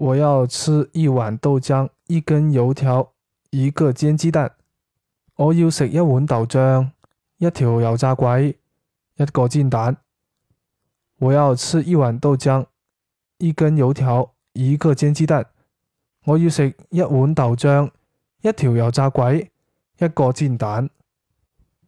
我要吃一碗豆漿，一根油條，一個煎雞蛋。我要食一碗豆漿，一條油炸鬼，一個煎蛋。我要吃一碗豆漿，一根油條，一個煎雞蛋。我要食一碗豆漿，一條油炸鬼，一個煎蛋。